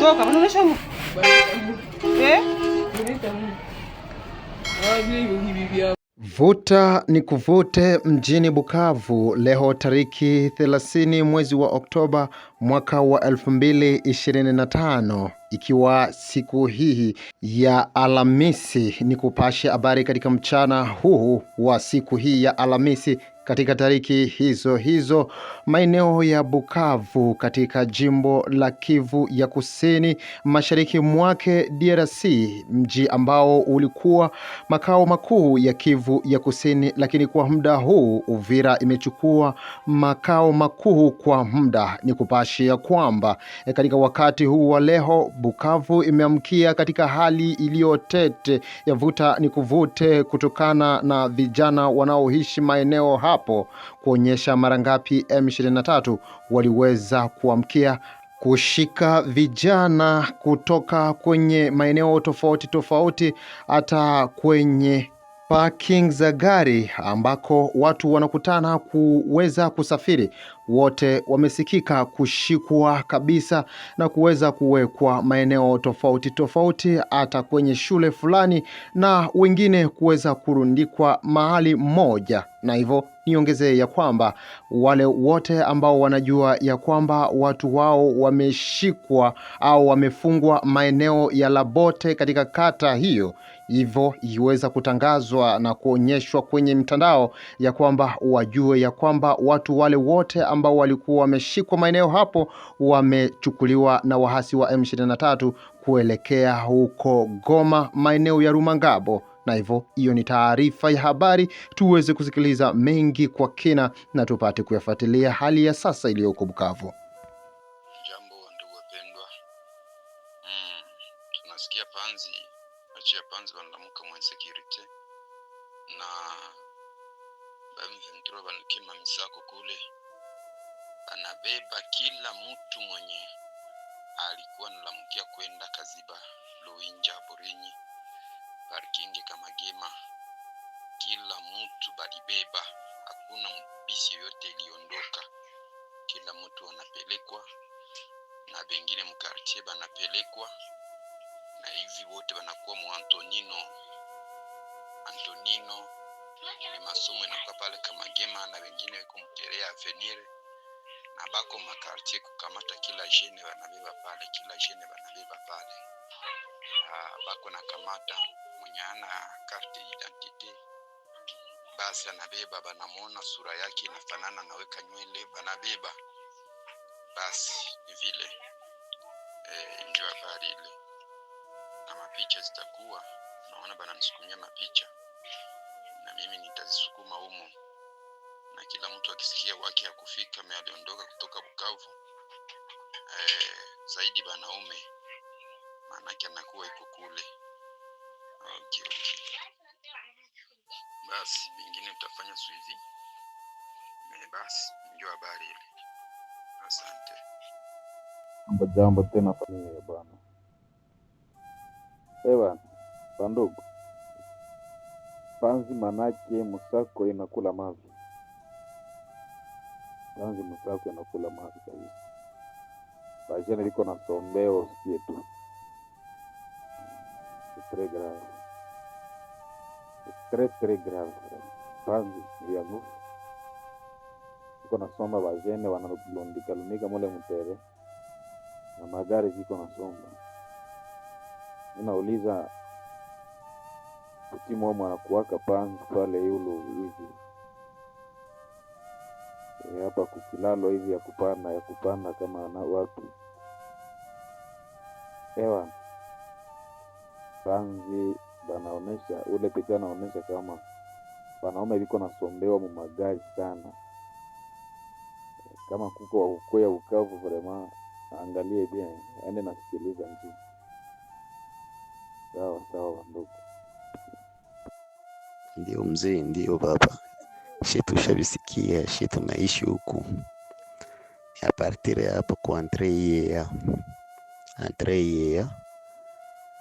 Toka, huko. Eh? Vuta ni kuvute mjini Bukavu leo tariki 30 mwezi wa Oktoba mwaka wa 2025 ikiwa siku hii ya Alhamisi. Ni kupashe habari katika mchana huu wa siku hii ya Alhamisi katika tariki hizo hizo maeneo ya Bukavu katika jimbo la Kivu ya Kusini Mashariki mwake DRC, mji ambao ulikuwa makao makuu ya Kivu ya Kusini, lakini kwa muda huu Uvira imechukua makao makuu kwa muda. Ni kupashia kwamba e, katika wakati huu wa leo Bukavu imeamkia katika hali iliyotete ya vuta ni kuvute kutokana na vijana wanaoishi maeneo hapa hapo kuonyesha mara ngapi M23 waliweza kuamkia kushika vijana kutoka kwenye maeneo tofauti tofauti, hata kwenye parking za gari ambako watu wanakutana kuweza kusafiri wote wamesikika kushikwa kabisa na kuweza kuwekwa maeneo tofauti tofauti, hata kwenye shule fulani, na wengine kuweza kurundikwa mahali moja na hivyo niongezee ya kwamba wale wote ambao wanajua ya kwamba watu wao wameshikwa au wamefungwa maeneo ya Labote katika kata hiyo hivyo iweza kutangazwa na kuonyeshwa kwenye mtandao ya kwamba wajue ya kwamba watu wale wote ambao walikuwa wameshikwa maeneo hapo wamechukuliwa na wahasi wa M23 kuelekea huko Goma, maeneo ya Rumangabo na hivyo hiyo ni taarifa ya habari, tuweze kusikiliza mengi kwa kina na tupate kuyafuatilia hali ya sasa iliyoko Bukavu. simamizi zako kule, anabeba kila mtu mwenye alikuwa nalamkia kwenda Kaziba, Luinja, Borenyi, Barikinge, Kamagema, kila mtu balibeba, hakuna mbisi yoyote iliondoka. Kila mtu anapelekwa na bengine mkartie banapelekwa na hivi wote banakuwa mu Antonino Antonino masomo inakuwa pale Kamagema na wengine weko Mkerea Avenir ambako makartie kukamata kila jene wanabeba pale, kila jene wanabeba pale uh, bako nakamata mwenye ana karte identite basi anabeba, banamuona sura yake inafanana, naweka nywele banabeba. Basi ni vile e, eh, ndio habari ile, na mapicha zitakuwa naona banamsukumia mapicha na mimi nitazisukuma humo, na kila mtu akisikia wake ya kufika aliondoka kutoka Bukavu e, zaidi banaume, maanake anakuwa iko kule. Okay, okay. Basi vingine utafanya suivi eh, basi ndio habari ile. Asante. Jambo tena familia bwana. Eh bwana, bandugu panzi manake musako inakula mavi, panzi musako inakula mavi kabisa. Bajana liko na sombeo, usikie tu, tres grave, tres tres grave. Panzi ya nufu iko nasomba, bajene wanalundikalundika mule mtere na magari ziko nasomba, inauliza Kimomo anakuwaka panzu pale yulu hivi e, hapa kukilalo hivi ya kupanda ya kupanda kama na watu ewa panzi banaonesha ule picha anaonesha kama wanaume viko nasombewa mumagari sana kama kuko wakukoya ukavu vrema angalie bien ende nasikiliza nji sawa sawa wandugu ndio mzee, ndio baba, she tushabisikia, she tunaishi huku. A partir ya hapo kwa entre ya entre ya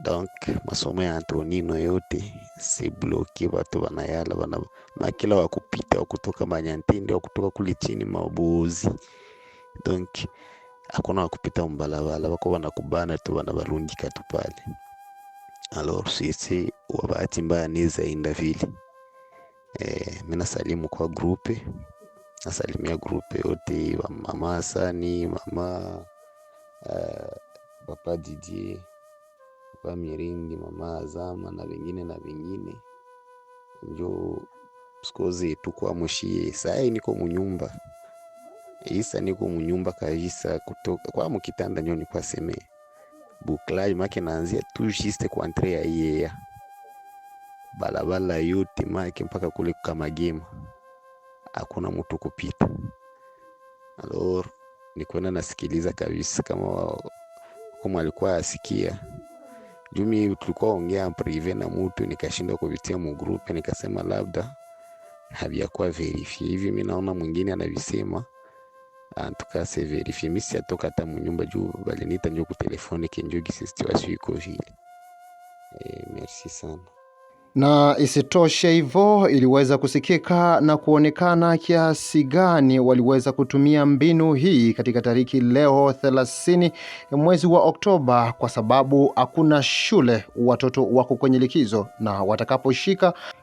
donc masomo ya Antonino yote si bloki, watu wanayala wana makila wakupita wakutoka Manyantindi kutoka kule chini mabozi, donc hakuna wakupita mbalabala, wako wanakubana tu wanabarundika tu pale sisi wa bahati mbaya nizainda vile e, eh, mimi nasalimu kwa grupe, nasalimia grupe yote wa mama sani mama uh, papa Didier, papa Mirindi, mama Azama na vingine na vingine njo sikoze tukwamushie. Saa sai niko munyumba isa, niko munyumba kabisa, kutoka kwa mukitanda njo nikwaseme bouclage make naanzia tu juste kwa entre ya iya balabala yote make mpaka kule Kamagema hakuna mtu kupita. Alors kwenda nasikiliza kabisa kama kama alikuwa asikia jumi, tulikuwa ongea prive na mtu, nikashindwa kupitia mu group, nikasema labda haviakuwa verifie hivi. Mimi naona mwingine anavisema antukase ah, verifie misi atoka hata munyumba juu balinita njo kutelefone kenjogi situasio iko vile. E, eh, merci sana. Na isitoshe hivyo iliweza kusikika na kuonekana kiasi gani waliweza kutumia mbinu hii katika tariki leo 30 mwezi wa Oktoba, kwa sababu hakuna shule, watoto wako kwenye likizo, na watakaposhika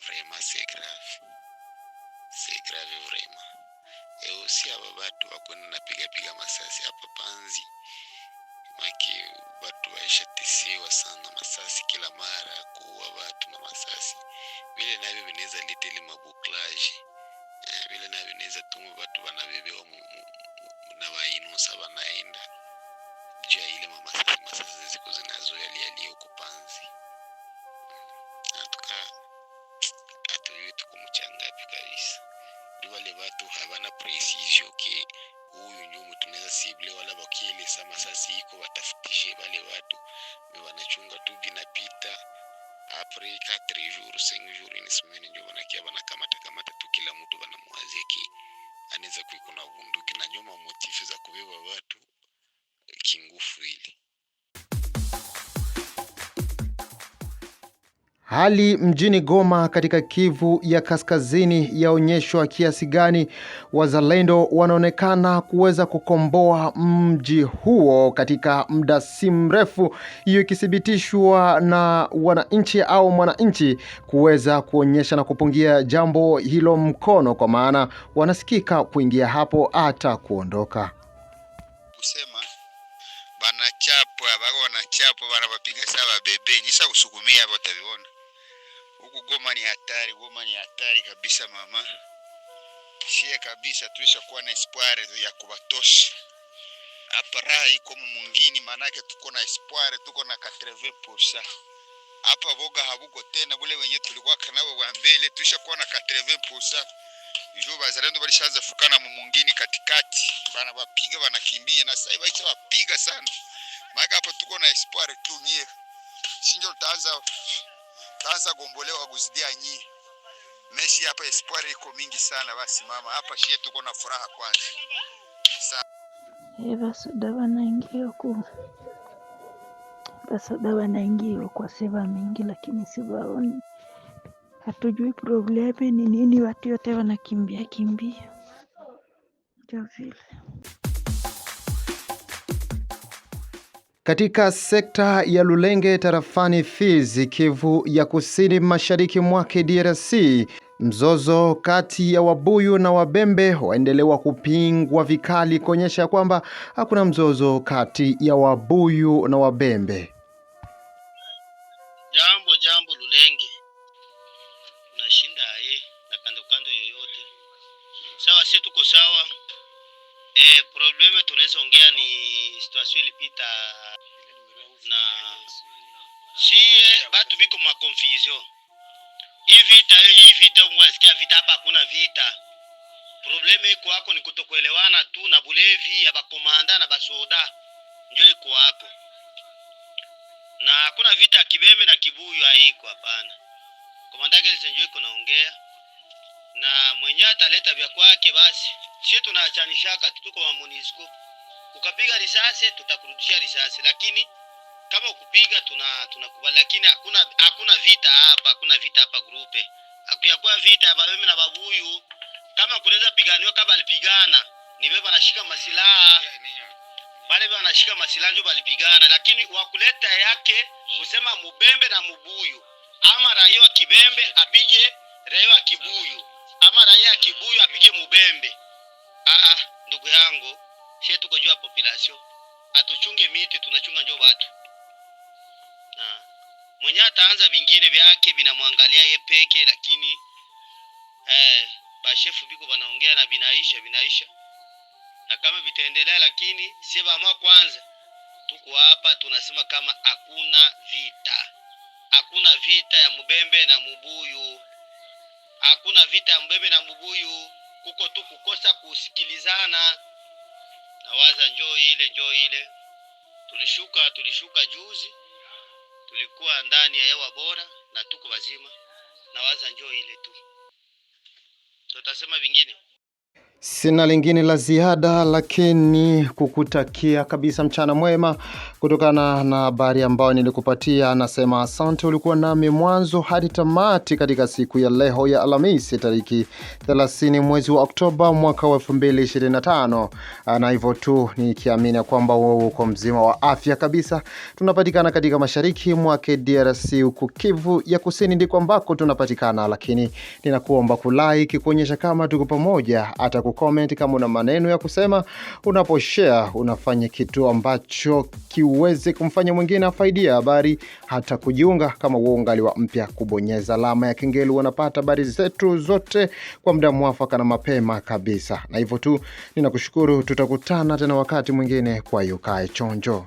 vrema segravi segravi vrema ewo si ava vatu vakwena na pigapiga masasi hapa panzi maki vatu vaishatisiwa sana masasi kila mara kuua vatu na masasi vile navyo vinaweza leta mabuklaji eh, vile navyo vinaweza tuma vatu vanavevewa na wainusa vanaenda juu ya ile mamasasi havana precision ke huyu nyumu mtu sible wala wakili sama sasa iko watafutishe wale watu wanachunga tu binapita apre 4 jours 5 jours ni semaine ndio wanakia banakamata kamata tu kila mtu bana ki anaweza kuikuna na bunduki na nyuma motifu za kubeba watu kingufu ile Hali mjini Goma katika Kivu ya Kaskazini yaonyeshwa kiasi gani wazalendo wanaonekana kuweza kukomboa mji huo katika muda si mrefu, hiyo ikithibitishwa na wananchi au mwananchi kuweza kuonyesha na kupungia jambo hilo mkono, kwa maana wanasikika kuingia hapo hata kuondoka kusema banachapwa bako wanachapwa bana saba bebe nisa kusukumia hapo utaviona huku Goma ni hatari, Goma ni hatari kabisa mama. Sie kabisa tuisha kuwa na espoir ya kubatosha hapa, raha iko mungini, manake tuko na espoir, tuko na 80% hapa. Boga habuko tena, bule wenye tulikuwa kanawe wa mbele, tuisha kuwa na 80% Ijo bazalendo balishaanza fukana mumungini katikati, bana wapiga wanakimbia, na sasa baisha wapiga sana, maana hapa tuko na espoir tu. nyie, sinjo tutaanza sasa gombolewa kuzidia nyi meshi hapa. Espoir iko mingi sana, mama hapa shie, tuko na furaha kwanza. Hey, eh, basoda wanaingia ku basoda banaingia kwa seva mingi, lakini sivaoni hatujui probleme ni nini, watu yote wanakimbia kimbia, kimbia katika sekta ya Lulenge tarafani Fizi, Kivu ya Kusini Mashariki mwake DRC. Mzozo kati ya Wabuyu na Wabembe waendelewa kupingwa vikali kuonyesha kwamba hakuna mzozo kati ya Wabuyu na Wabembe. Jambo jambo, Lulenge unashinda aye eh, na kando kando yoyote, sawa, si tuko sawa Eh, probleme tunaweza ongea ni situation ilipita na sie eh, batu biko ma confusion. Hii vita eh, hii vita mwasikia vita hapa hakuna vita. Probleme iko hako ni kutokuelewana tu na bulevi ya bakomanda na basoda. Ndio iko hako. Na hakuna vita ya kibembe na kibuyu haiko hapana. Komanda gani ndio iko naongea. Na mwenye ataleta vya kwake basi sisi tunaachanisha kati tuko wa MONUSCO. Ukapiga risasi tutakurudishia risasi, lakini kama ukupiga tuna tunakubali, lakini hakuna hakuna vita hapa, hakuna vita hapa grupe. Hakuyakuwa vita ya babeme na babuyu. Kama kunaweza piganiwa kama alipigana, ni wewe anashika masilaha. Bale wewe anashika masilaha ndio balipigana, lakini wa kuleta yake usema mubembe na mubuyu, ama raia wa kibembe apige raia wa kibuyu, ama raia wa kibuyu apige mubembe ah, ndugu yangu, sie tuko juu ya population, atuchunge miti, tunachunga njo watu na mwenye ataanza vingine vyake vinamwangalia ye peke, lakini eh, bashefu biko banaongea na vinaisha vinaisha na kama vitaendelea, lakini sie bamwa kwanza tuko hapa tunasema kama hakuna vita, hakuna vita ya mubembe na mubuyu, hakuna vita ya mubembe na mubuyu kuko tu kukosa kusikilizana. na waza njoo ile njoo ile, tulishuka tulishuka juzi, tulikuwa ndani ya hewa bora na tuko wazima. na waza njoo ile tu, tutasema vingine Sina lingine la ziada lakini kukutakia kabisa mchana mwema kutokana na habari ambayo nilikupatia. Anasema asante, ulikuwa nami mwanzo hadi tamati katika siku ya leho ya Alhamisi tariki 30 mwezi wa Oktoba mwaka wa 2025, na hivyo tu nikiamini kwamba wewe uko mzima wa afya kabisa. Tunapatikana katika mashariki mwa DRC huku Kivu ya Kusini ndiko ambako tunapatikana, lakini ninakuomba kulike kuonyesha kama tuko pamoja, hata kucomment kama una maneno ya kusema. Unaposhare unafanya kitu ambacho kiu uweze kumfanya mwingine afaidia habari hata kujiunga, kama uongaliwa mpya, kubonyeza alama ya kengele, wanapata habari zetu zote kwa muda mwafaka na mapema kabisa. Na hivyo tu ninakushukuru, tutakutana tena wakati mwingine. Kwa yukae chonjo.